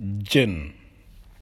jën